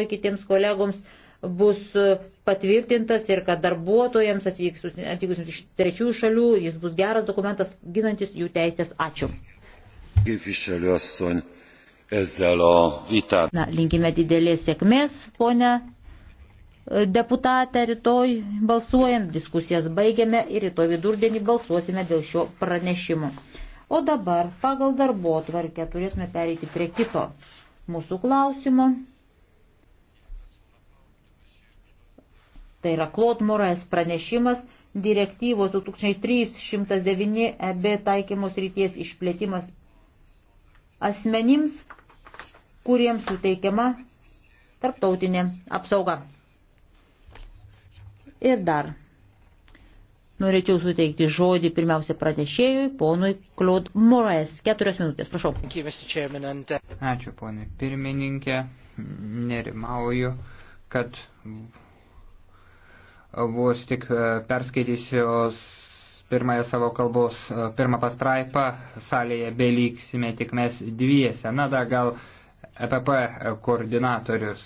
rytoj kitiems kolegoms bus patvirtintas ir kad darbuotojams atvykusiems iš trečiųjų šalių jis bus geras dokumentas ginantis jų teisės. Ačiū. Na, linkime didelės sėkmės, ponė e, deputatę, rytoj balsuojant, diskusijas baigiame ir rytoj vidurdienį balsuosime dėl šio pranešimo. O dabar pagal darbo tvarkę turėsime pereiti prie kito mūsų klausimo. Tai yra Klot Morais pranešimas direktyvos 2309 EB taikymos ryties išplėtimas asmenims, kuriems suteikiama tarptautinė apsauga. Ir dar norėčiau suteikti žodį pirmiausia pranešėjui, ponui Claude Moraes. Keturios minutės, prašau. Uh, Ačiū, ponė pirmininkė. Nerimauju, kad vos tik e, perskaitysiu pirmąją savo kalbos, e, pirmą pastraipą, salėje beliksime tik mes dviese. Na, da, gal EPP koordinatorius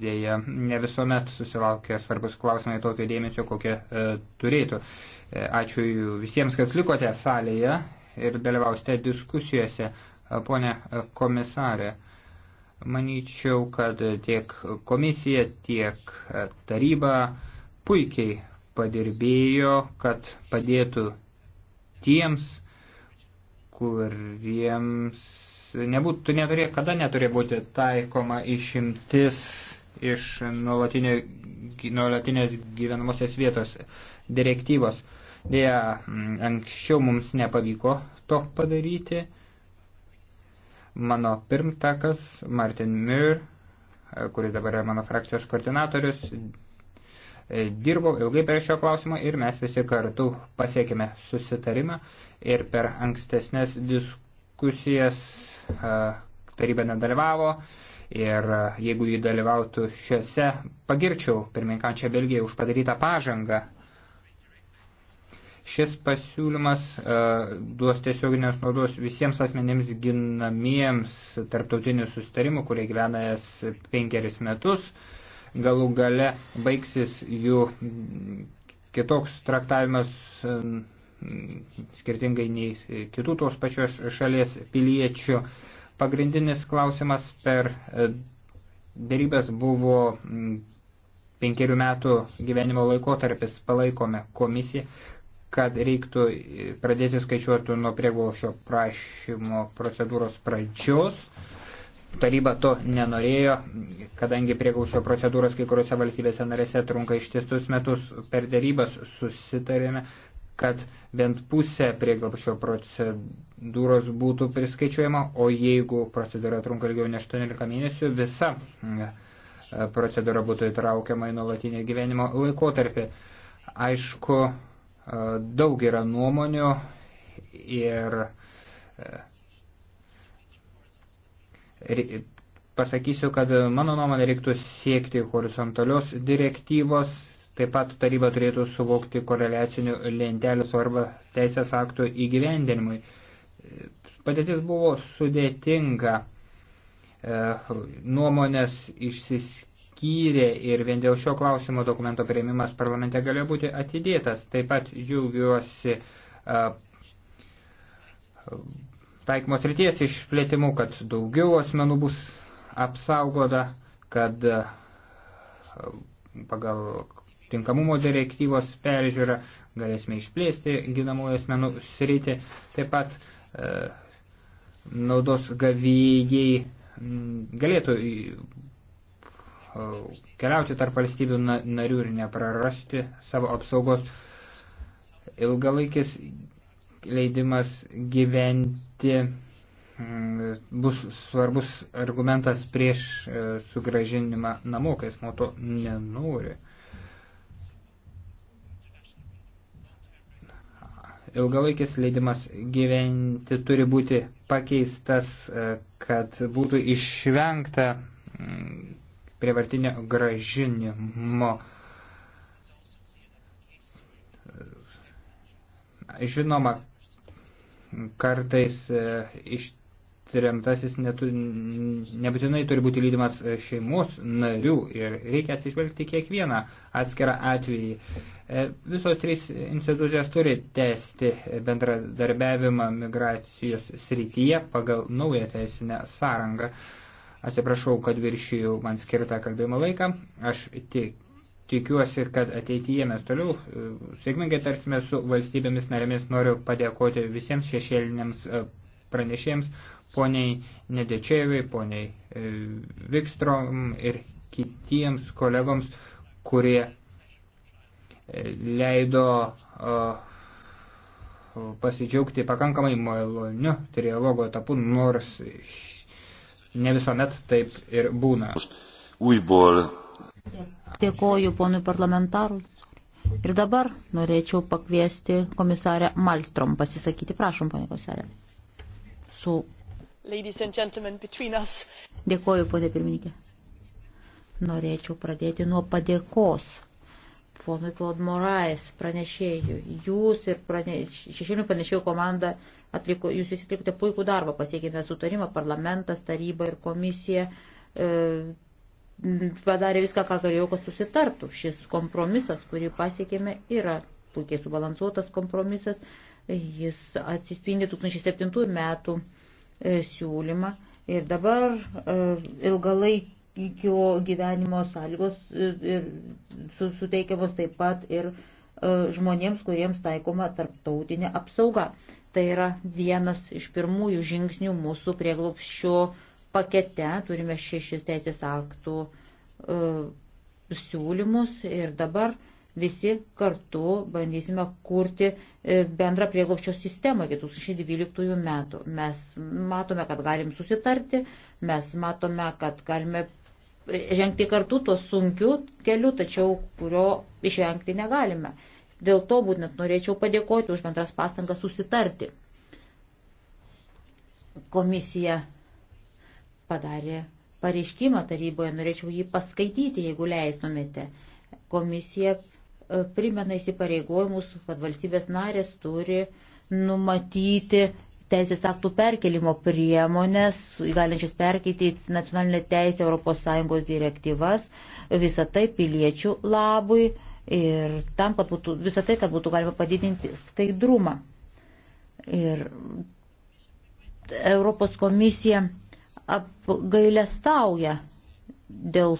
dėja ne visuomet susilaukia svarbus klausimai tokio dėmesio, kokie e, turėtų. E, ačiū visiems, kas likote salėje ir dalyvausite diskusijose. E, pone komisarė, manyčiau, kad tiek komisija, tiek taryba puikiai padirbėjo, kad padėtų tiems, kuriems nebūtų, neturė, kada neturė būti taikoma išimtis iš nuolatinės gyvenamosios vietos direktyvos. Deja, anksčiau mums nepavyko to padaryti. Mano pirmtakas Martin Mür, kuris dabar yra mano frakcijos koordinatorius, E, dirbau ilgai prie šio klausimo ir mes visi kartu pasiekime susitarimą ir per ankstesnės diskusijas e, taryba nedalyvavo ir e, jeigu jį dalyvautų šiuose, pagirčiau pirmininkančią Belgiją už padarytą pažangą. Šis pasiūlymas uh, duos tiesioginės naudos visiems asmenėms ginamiems tarptautinių sustarimų, kurie gyvena penkeris metus. Uh, galų gale baigsis jų kitoks traktavimas skirtingai nei kitų tos pačios šalies piliečių. Pagrindinis klausimas per e, darybęs buvo penkerių metų gyvenimo laikotarpis palaikome komisiją, kad reiktų e, pradėti skaičiuoti nuo prieglaušio prašymo procedūros pradžios taryba to nenorėjo, kadangi prieglaušio procedūros kai kuriuose valstybėse narėse trunka ištisus metus, per dėrybas susitarėme, kad bent pusė prieglaušio procedūros būtų priskaičiuojama, o jeigu procedūra trunka ilgiau nei 18 mėnesių, visa procedūra būtų įtraukiama į nuolatinį gyvenimo laikotarpį. Aišku, daug yra nuomonių ir e, pasakysiu, kad mano nuomonė reiktų siekti horizontalios direktyvos, taip pat taryba turėtų suvokti koreliacinių lentelių svarbą teisės aktų įgyvendinimui. Padėtis buvo sudėtinga, e, nuomonės išsiskyrė ir vien dėl šio klausimo dokumento prieimimas parlamente galėjo būti atidėtas. Taip pat džiaugiuosi e, taikymos ryties išplėtimu, kad daugiau asmenų bus apsaugoda, kad e, pagal tinkamumo direktyvos peržiūrą galėsime išplėsti ginamųjų asmenų sritį. Taip pat e, naudos gavėjai galėtų e, keliauti tarp valstybių narių ir neprarasti savo apsaugos. Ilgalaikis leidimas gyventi mm, bus svarbus argumentas prieš e, sugražinimą namo, kai asmo to nenori. Ilgalaikis leidimas gyventi turi būti pakeistas, e, kad būtų išvengta mm, prievartinio gražinimo. Žinoma, kartais e, ištiriamtasis netu, nebūtinai turi būti lydimas e, šeimos narių ir reikia atsižvelgti kiekvieną atskirą atvejį. E, visos trys institucijos turi tęsti bendradarbiavimą migracijos srityje pagal naują teisinę sąrangą. Atsiprašau, kad viršijau man skirtą kalbėjimo laiką. Aš tik Tikiuosi, kad ateityje mes toliau e, sėkmingai tarsime su valstybėmis narėmis. Noriu padėkoti visiems šešėliniams e, pranešėjams, poniai Nedečevai, poniai Vikstrom e, ir kitiems kolegoms, kurie leido pasidžiaugti pakankamai maloniu trialogo etapu, nors ne visuomet taip ir būna. Újból Dėkoju ponui parlamentarui. Ir dabar norėčiau pakviesti komisarę Malstrom pasisakyti. Prašom, ponė komisarė. Su. Dėkoju, ponė pirmininkė. Norėčiau pradėti nuo padėkos ponui Claude Morais pranešėjui. Jūs ir praneš... šešėlių pranešėjų komanda atliko, jūs visi atlikote puikų darbą, pasiekėme sutarimą, parlamentas, taryba ir komisija. E, padarė viską, ką galėjo, kad susitartų. Šis kompromisas, kurį pasiekėme, yra puikiai subalansuotas kompromisas. Jis atsispindi 2007 metų e, siūlymą ir dabar e, ilgalaikio gyvenimo sąlygos e, suteikiamos taip pat ir žmonėms, kuriems taikoma tarptautinė apsauga. Tai yra vienas iš pirmųjų žingsnių mūsų prieglopščio pakete turime šešis teisės aktų uh, siūlymus ir dabar visi kartu bandysime kurti e, bendrą prieglopščio sistemą iki 2012 metų. Mes matome, kad galim susitarti, mes matome, kad galime žengti kartu tuo sunkiu keliu, tačiau kurio išvengti negalime. Dėl to būtent norėčiau padėkoti už bendras pastangas susitarti. Komisija padarė pareiškimą taryboje, norėčiau jį paskaityti, jeigu leistumėte. Komisija e, primena įsipareigojimus, kad valstybės narės turi numatyti teisės aktų perkelimo priemonės, galinčias perkeiti į nacionalinę teisę ES direktyvas, visą tai piliečių labui ir tam, kad būtų visą tai, kad būtų galima padidinti skaidrumą. Ir Europos komisija apgailestauja dėl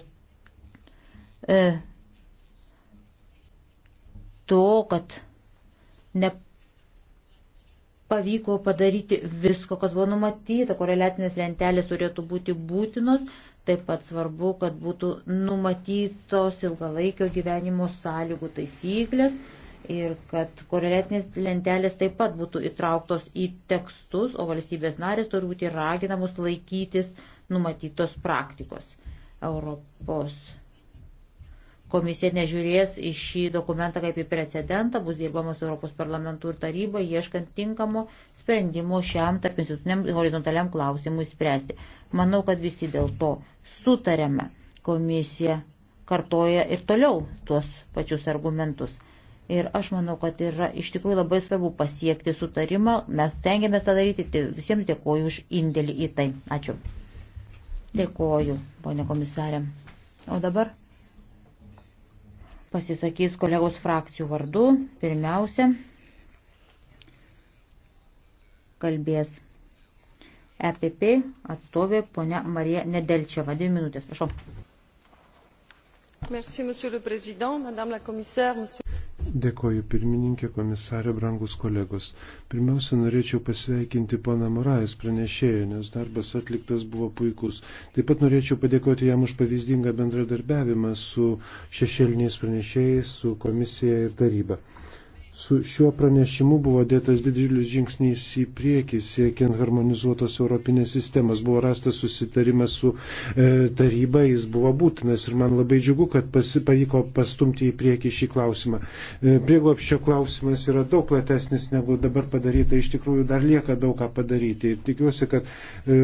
e, to, kad nepavyko padaryti visko, kas buvo numatyta, koreliacinės lentelės turėtų būti būtinos, taip pat svarbu, kad būtų numatytos ilgalaikio gyvenimo sąlygų taisyklės, ir kad koreliacinės lentelės taip pat būtų įtrauktos į tekstus, o valstybės narės turi būti raginamos laikytis numatytos praktikos. Europos komisija nežiūrės į šį dokumentą kaip į precedentą, bus dirbamas Europos parlamentų ir taryba, ieškant tinkamo sprendimo šiam tarp instituciniam horizontaliam klausimui spręsti. Manau, kad visi dėl to sutarėme. Komisija kartoja ir toliau tuos pačius argumentus. Ir aš manau, kad yra iš tikrųjų labai svarbu pasiekti sutarimą. Mes stengiamės tą daryti. Tai visiems dėkoju už indėlį į tai. Ačiū. Dėkoju, ponė komisarė. O dabar pasisakys kolegos frakcijų vardu. Pirmiausia, kalbės EPP atstovė ponia Marija Nedelčiava. Dvi minutės, prašau. Merci, monsieur le président, madame la commissaire, monsieur... Dėkoju pirmininkė, komisarė, brangus kolegos. Pirmiausia, norėčiau pasveikinti pana Morais pranešėją, nes darbas atliktas buvo puikus. Taip pat norėčiau padėkoti jam už pavyzdingą bendradarbiavimą su šešėliniais pranešėjais, su komisija ir taryba. Su šiuo pranešimu buvo dėtas didžiulis žingsnis į priekį, siekiant harmonizuotos europinės sistemas. Buvo rastas susitarimas su e, taryba, jis buvo būtinas ir man labai džiugu, kad pasi, pavyko pastumti į priekį šį klausimą. E, Prieglopščio klausimas yra daug platesnis negu dabar padaryta, iš tikrųjų dar lieka daug ką padaryti ir tikiuosi, kad e,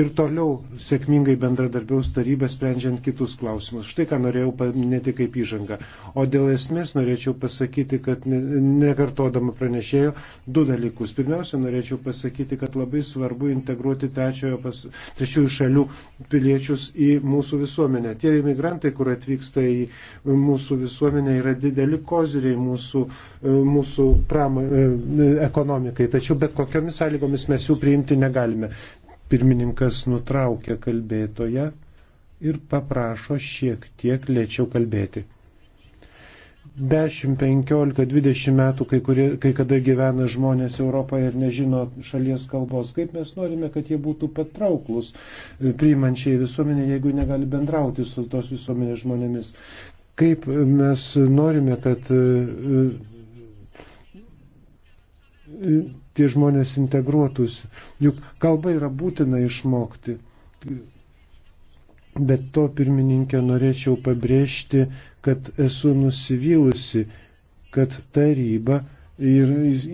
ir toliau sėkmingai bendradarbiaus taryba sprendžiant kitus klausimus. Štai ką norėjau paminėti kaip įžanga. O dėl esmės norėčiau pasakyti, kad ne, nekartodama pranešėjo, du dalykus. Pirmiausia, norėčiau pasakyti, kad labai svarbu integruoti pas, trečiųjų šalių piliečius į mūsų visuomenę. Tie imigrantai, kur atvyksta į mūsų visuomenę, yra dideli koziriai mūsų, e, mūsų pram, e, ekonomikai. Tačiau bet kokiamis sąlygomis mes jų priimti negalime. Pirmininkas nutraukė kalbėtoje ir paprašo šiek tiek lėčiau kalbėti. 10, 15, 20 metų kai, kurie, kai kada gyvena žmonės Europoje ir nežino šalies kalbos. Kaip mes norime, kad jie būtų patrauklus e, priimančiai visuomenė, jeigu negali bendrauti su tos visuomenės žmonėmis. Kaip mes norime, kad e, e, tie žmonės integruotųsi. Juk kalba yra būtina išmokti. Bet to pirmininkė norėčiau pabrėžti, kad esu nusivylusi, kad taryba ir,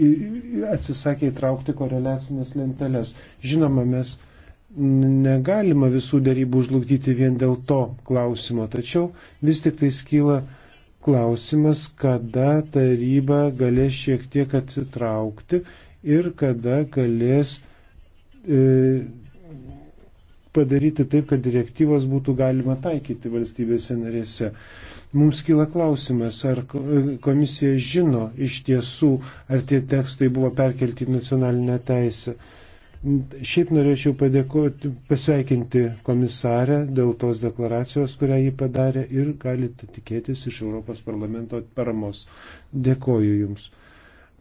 ir atsisakė įtraukti koreliacinės lenteles. Žinoma, mes negalima visų darybų užlugdyti vien dėl to klausimo, tačiau vis tik tai skyla klausimas, kada taryba galės šiek tiek atsitraukti ir kada galės e, padaryti taip, kad direktyvas būtų galima taikyti valstybėse narėse. Mums kyla klausimas, ar komisija žino iš tiesų, ar tie tekstai buvo perkelti į nacionalinę teisę. Šiaip norėčiau padėkoti, pasveikinti komisarę dėl tos deklaracijos, kurią jį padarė ir galite tikėtis iš Europos parlamento paramos. Dėkoju Jums.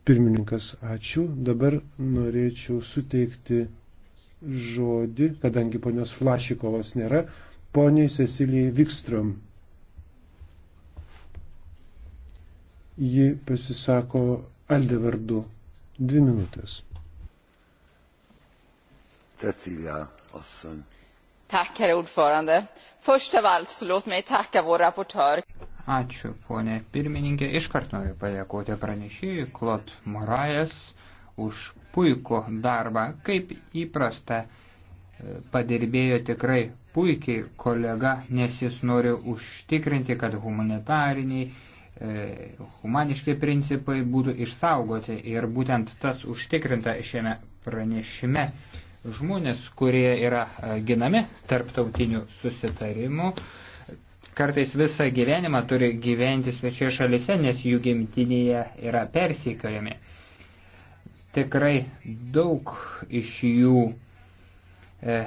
Pirmininkas, ačiū. Dabar norėčiau suteikti žodį, kadangi ponios Flašikovos nėra, poniai Cecilijai Vikstrom. Ji pasisako Alde vardu. Dvi minutės. Cecilia Ossan. Tack, herr ordförande. Först av allt så låt mig tacka vår rapportör. Ačiū, ponė pirmininkė. Iškart noriu padėkoti pranešėjui Klot Morajas už puikų darbą, kaip įprasta padirbėjo tikrai puikiai kolega, nes jis nori užtikrinti, kad humanitariniai, e, humaniški principai būtų išsaugoti ir būtent tas užtikrinta šiame pranešime. Žmonės, kurie yra e, ginami tarptautinių susitarimų, kartais visą gyvenimą turi gyventi svečioje šalise, nes jų gimtinėje yra persikojami. Tikrai daug iš jų e, e,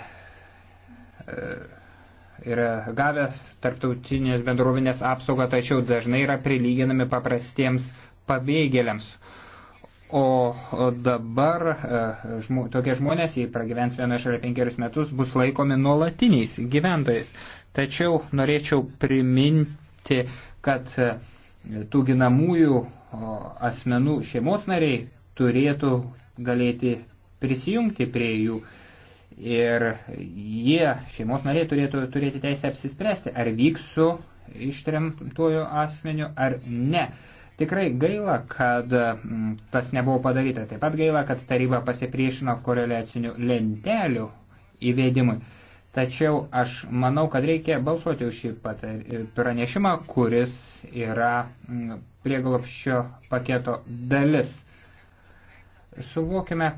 yra gavę tarptautinės bendruomenės apsaugą, tačiau dažnai yra prilyginami paprastiems pabėgėliams. O, o dabar e, žmo, tokie žmonės, jei pragyvens vieną šalia penkerius metus, bus laikomi nuolatiniais gyventojais. Tačiau norėčiau priminti, kad e, tų ginamųjų asmenų šeimos nariai turėtų galėti prisijungti prie jų. Ir jie, šeimos nariai, turėtų turėti teisę apsispręsti, ar vyks su ištremtuoju asmeniu ar ne. Tikrai gaila, kad mm, tas nebuvo padaryta. Taip pat gaila, kad taryba pasipriešino koreliacinių lentelių įvedimui. Tačiau aš manau, kad reikia balsuoti už šį pranešimą, kuris yra mm, prieglopščio paketo dalis. Suvokime,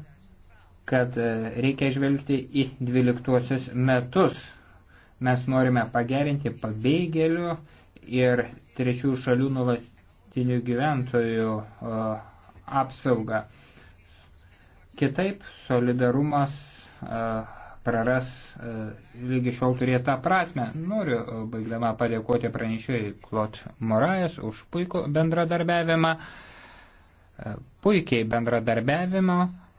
kad e, reikia žvelgti į 12 metus. Mes norime pagerinti pabėgėlių ir trečių šalių nulatinių gyventojų e, apsaugą. Kitaip solidarumas e, praras lygi šiol turėtą prasme. Noriu baigdama padėkoti pranešėjai Klot Morajas už puikų bendradarbiavimą puikiai bendradarbiavimo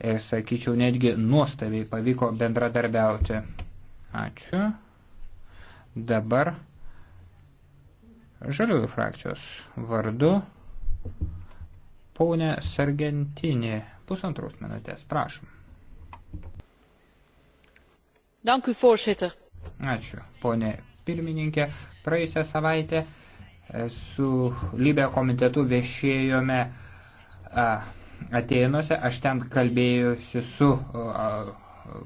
ir, sakyčiau, netgi nuostabiai pavyko bendradarbiauti. Ačiū. Dabar žaliųjų frakcijos vardu Paunė Sargentinė. Pusantros minutės, prašom. Dank u, voorzitter. Ačiū, ponė pirmininkė. Praėjusią savaitę su Libė komitetu viešėjome a, Ateinuose aš ten kalbėjusi su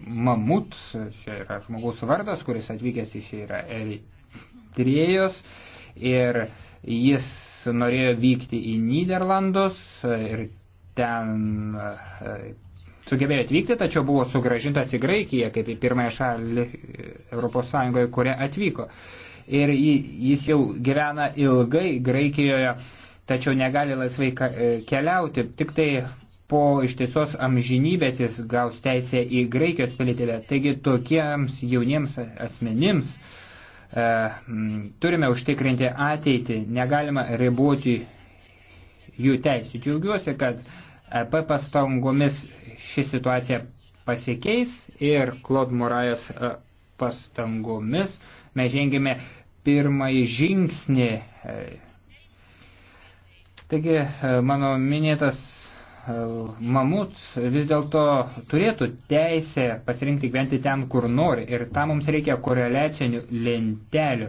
Mamut, čia yra žmogaus vardas, kuris atvykęs iš yra Eritrėjos ir jis norėjo vykti į Niderlandus ir ten sugebėjo atvykti, tačiau buvo sugražintas į Graikiją kaip į pirmąją šalį ES, kurią atvyko. Ir jis jau gyvena ilgai Graikijoje tačiau negali laisvai e, keliauti, tik tai po ištisos amžinybės jis gaus teisę į Graikijos pilietybę. Taigi tokiems jauniems asmenims e, turime užtikrinti ateitį, negalima riboti jų teisų. Džiaugiuosi, kad EP pastangomis ši situacija pasikeis ir Klod Murajas e, pastangomis mes žengėme pirmąjį žingsnį. E, Taigi e, mano minėtas e, mamut vis dėlto turėtų teisę pasirinkti gyventi ten, kur nori. Ir tam mums reikia koreliacinių lentelių,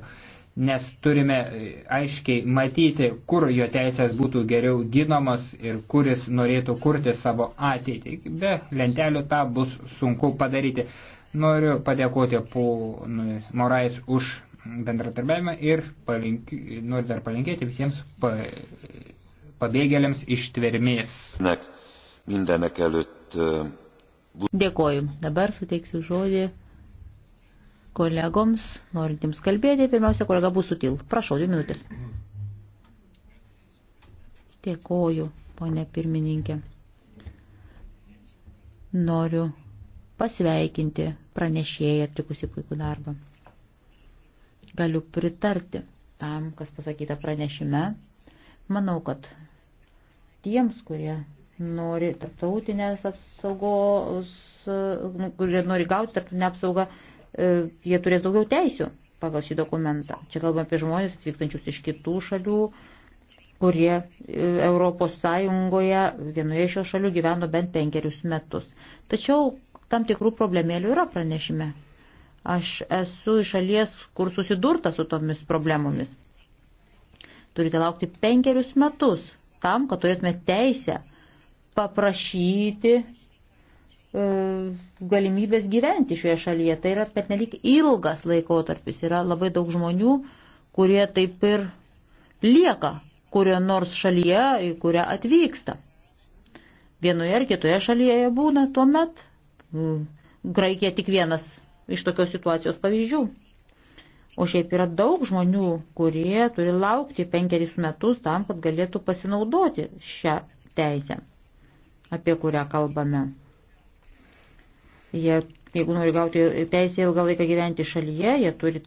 nes turime e, aiškiai matyti, kur jo teisės būtų geriau ginomas ir kuris norėtų kurti savo ateitį. Be lentelių tą bus sunku padaryti. Noriu padėkoti ponui Morais už bendratarbiavimą ir palinkiu, noriu dar palinkėti visiems pa, pabėgėliams iš tvermės. Dėkoju. Dabar suteiksiu žodį kolegoms, norintiems kalbėti. Pirmiausia, kolega bus sutil. Prašau, dvi minutės. Dėkoju, ponė pirmininkė. Noriu pasveikinti pranešėją atlikusi puikų darbą. Galiu pritarti tam, kas pasakyta pranešime. Manau, kad tiems, kurie nori tarptautinės apsaugos, nu, kurie nori gauti tarptautinę apsaugą, e, jie turės daugiau teisių pagal šį dokumentą. Čia kalbame apie žmonės atvykstančius iš kitų šalių, kurie e, Europos Sąjungoje vienoje iš šio šalių gyveno bent penkerius metus. Tačiau tam tikrų problemėlių yra pranešime. Aš esu iš šalies, kur susidurta su tomis problemomis. Turite laukti penkerius metus, tam, kad turėtume teisę paprašyti e, galimybės gyventi šioje šalyje. Tai yra petnelik ilgas laikotarpis. Yra labai daug žmonių, kurie taip ir lieka kurio nors šalyje, į kurią atvyksta. Vienoje ar kitoje šalyje jie būna tuomet. Mm, Graikija tik vienas iš tokios situacijos pavyzdžių. O šiaip yra daug žmonių, kurie turi laukti penkeris metus tam, kad galėtų pasinaudoti šią teisę, apie kurią kalbame. Jie, jeigu nori gauti teisę ilgą laiką gyventi šalyje, jie turi.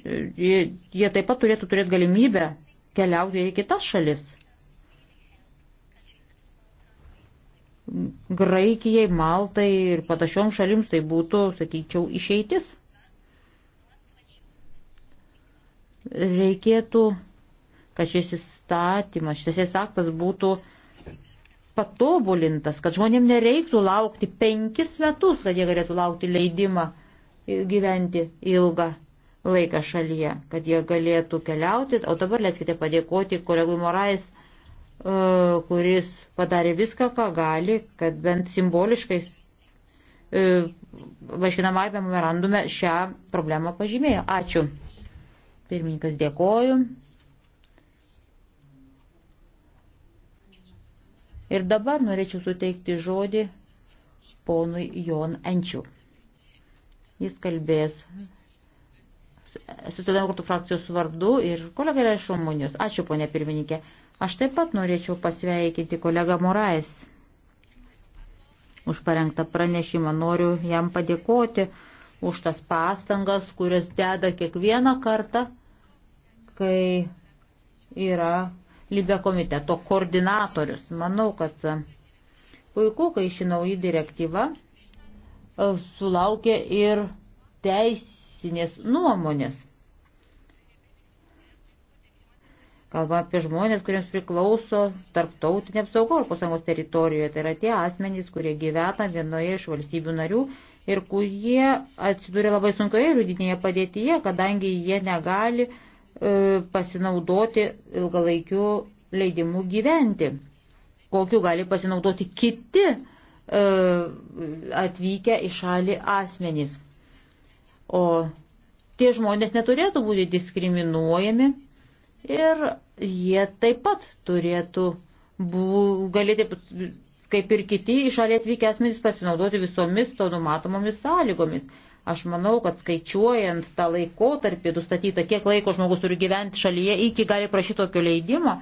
Jie, jie taip pat turėtų turėti galimybę keliauti į kitas šalis. Graikijai, Maltai ir panašioms šalims tai būtų, sakyčiau, išeitis. Reikėtų, kad šis įstatymas, šis aktas būtų patobulintas, kad žmonėm nereiktų laukti penkis metus, kad jie galėtų laukti leidimą gyventi ilgą laiką šalyje, kad jie galėtų keliauti. O dabar leiskite padėkoti kolegui Morais E, kuris padarė viską, ką gali, kad bent simboliškai e, vaškinamajame memorandume šią problemą pažymėjo. Ačiū. Pirmininkas dėkoju. Ir dabar norėčiau suteikti žodį ponui Jon Enčiu. Jis kalbės socialdemokratų frakcijos vardu ir kolega yra iš Rumunijos. Ačiū, ponė pirmininkė. Aš taip pat norėčiau pasveikinti kolegą Morais. Už parengtą pranešimą noriu jam padėkoti už tas pastangas, kurias deda kiekvieną kartą, kai yra Libė komiteto koordinatorius. Manau, kad puiku, kai ši nauja direktyva e, sulaukė ir teisinės nuomonės Kalba apie žmonės, kuriems priklauso tarptautinė apsauga Europos Sąjungos teritorijoje. Tai yra tie asmenys, kurie gyvena vienoje iš valstybių narių ir kurie atsidūrė labai sunkioje liūdinėje padėtyje, kadangi jie negali e, pasinaudoti ilgalaikių leidimų gyventi. Kokiu gali pasinaudoti kiti e, atvykę į šalį asmenys. O tie žmonės neturėtų būti diskriminuojami ir jie taip pat turėtų bū, galėti, kaip ir kiti iš šalia atvykę asmenys, pasinaudoti visomis to numatomomis sąlygomis. Aš manau, kad skaičiuojant tą laikotarpį, nustatytą, kiek laiko žmogus turi gyventi šalyje, iki gali prašyti tokio leidimo,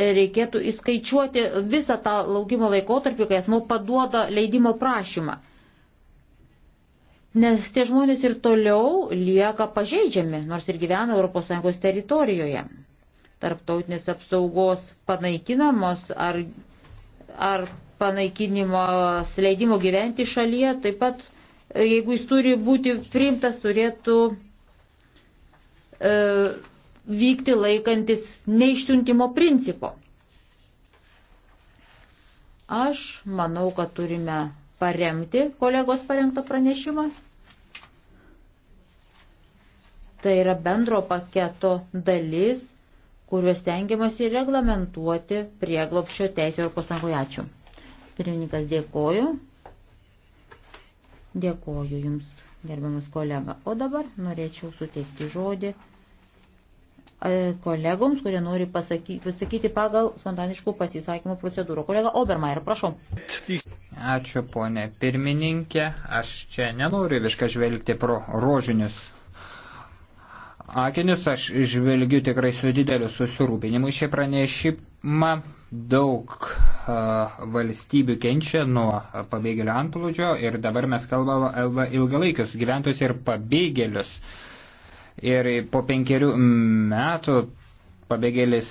reikėtų įskaičiuoti visą tą laukimo laikotarpį, kai asmo paduoda leidimo prašymą nes tie žmonės ir toliau lieka pažeidžiami, nors ir gyvena ES teritorijoje. Tarptautinės apsaugos panaikinamos ar, ar panaikinimo leidimo gyventi šalyje, taip pat, e, jeigu jis turi būti priimtas, turėtų e, vykti laikantis neišsiuntimo principo. Aš manau, kad turime paremti kolegos parengtą pranešimą. Tai yra bendro paketo dalis, kuriuos tengiamasi reglamentuoti prieglopščio teisė Europos Sąjungoje. Ačiū. Pirmininkas dėkoju. Dėkoju Jums, gerbiamas kolega. O dabar norėčiau suteikti žodį e, kolegoms, kurie nori pasakyti, pasakyti pagal spontaniškų pasisakymų procedūrą. Kolega Obermeier, prašau. Ačiū, ponė pirmininkė. Aš čia nenoriu višką žvelgti pro rožinius akinius, aš žvelgiu tikrai su dideliu susirūpinimu šį pranešimą. Daug uh, valstybių kenčia nuo pabėgėlių antplūdžio ir dabar mes kalbame apie ilgalaikius gyventojus ir pabėgėlius. Ir po penkerių metų pabėgėlis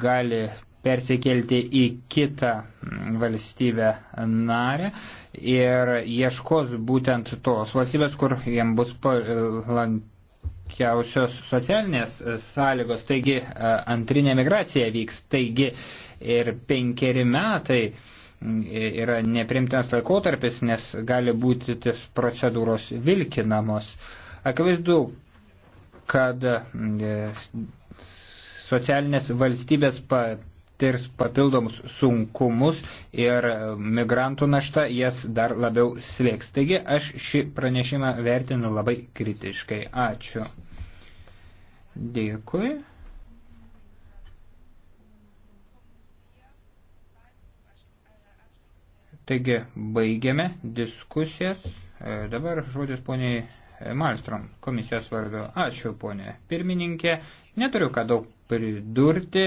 gali persikelti į kitą valstybę narę ir ieškos būtent tos valstybės, kur jam bus palankiai sunkiausios socialinės sąlygos, taigi e, antrinė migracija vyks, taigi ir penkeri metai yra neprimtinas laikotarpis, nes gali būti tis procedūros vilkinamos. Akivaizdu, kad socialinės valstybės patirs papildomus sunkumus ir migrantų našta jas dar labiau slėgs. Taigi aš šį pranešimą vertinu labai kritiškai. Ačiū. Dėkui. Taigi baigiame diskusijas. E, dabar žodis poniai Malstrom komisijos vardu. Ačiū ponė pirmininkė. Neturiu ką daug pridurti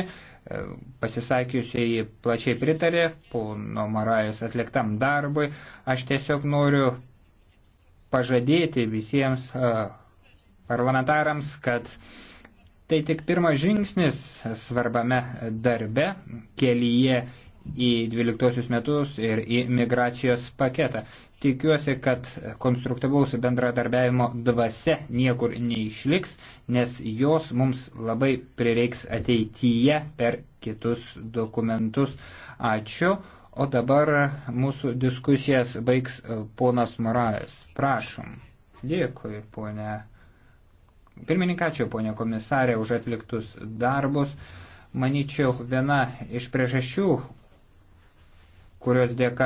pasisakiusiai plačiai pritarė pono Marajos atliktam darbui. Aš tiesiog noriu pažadėti visiems parlamentarams, kad tai tik pirmas žingsnis svarbame darbe kelyje į 12 metus ir į migracijos paketą. Tikiuosi, kad konstruktyvaus bendradarbiavimo dvasia niekur neišliks, nes jos mums labai prireiks ateityje per kitus dokumentus. Ačiū. O dabar mūsų diskusijas baigs ponas Morajas. Prašom. Dėkui, ponė. Pirmininkačiau, ponė komisarė, už atliktus darbus. Maničiau, viena iš priežasčių, kurios dėka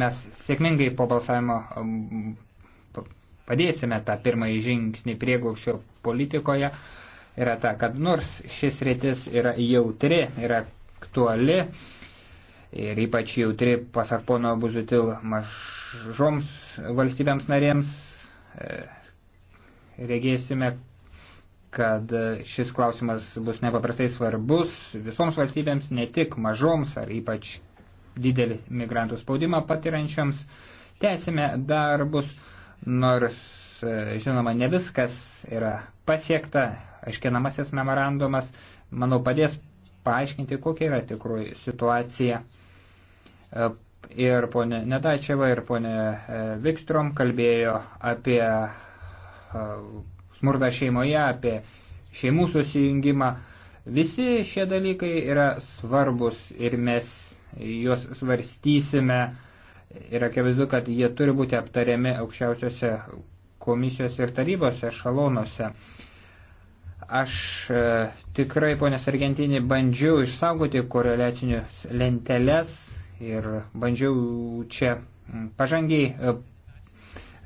mes sėkmingai po balsavimo padėsime tą pirmąjį žingsnį prieglaukščio politikoje, yra ta, kad nors šis rytis yra jautri, yra aktuali ir ypač jautri, pasak pono Buzutil, mažoms valstybėms narėms, e, regėsime, kad šis klausimas bus nepaprastai svarbus visoms valstybėms, ne tik mažoms ar ypač didelį migrantų spaudimą patiriančioms. Tęsime darbus, nors, e, žinoma, ne viskas yra pasiekta, aiškinamasis memorandumas, manau, padės paaiškinti, kokia yra tikroji situacija. E, ir ponė Nedačiava, ir ponė e, Vikstrom kalbėjo apie smurtą šeimoje, apie šeimų susijungimą. Visi šie dalykai yra svarbus ir mes juos svarstysime ir akivaizdu, kad jie turi būti aptariami aukščiausiose komisijose ir tarybose šalonuose. Aš e, tikrai, ponės Argentinį, bandžiau išsaugoti koreliacinius lenteles ir bandžiau čia pažangiai e,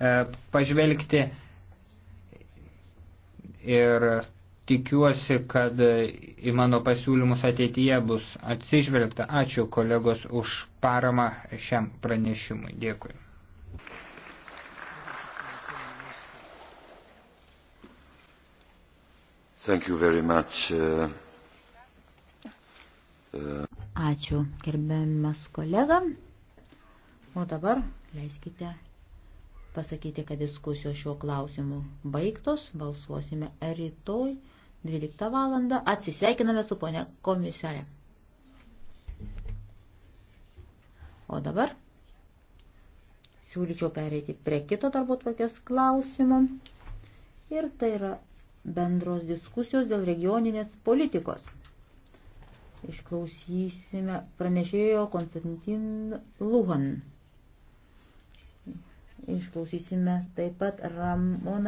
e, pažvelgti ir tikiuosi, kad į mano pasiūlymus ateityje bus atsižvelgta. Ačiū kolegos už paramą šiam pranešimui. Dėkui. Much, uh, uh. Ačiū, gerbiamas kolega. O dabar leiskite pasakyti, kad diskusijos šiuo klausimu baigtos, balsuosime rytoj 12 val. Atsisveikiname su ponia komisarė. O dabar siūlyčiau pereiti prie kito darbo tvarkės klausimo. Ir tai yra bendros diskusijos dėl regioninės politikos. Išklausysime pranešėjo Konstantin Luhan. Išklausysime taip pat Ramoną.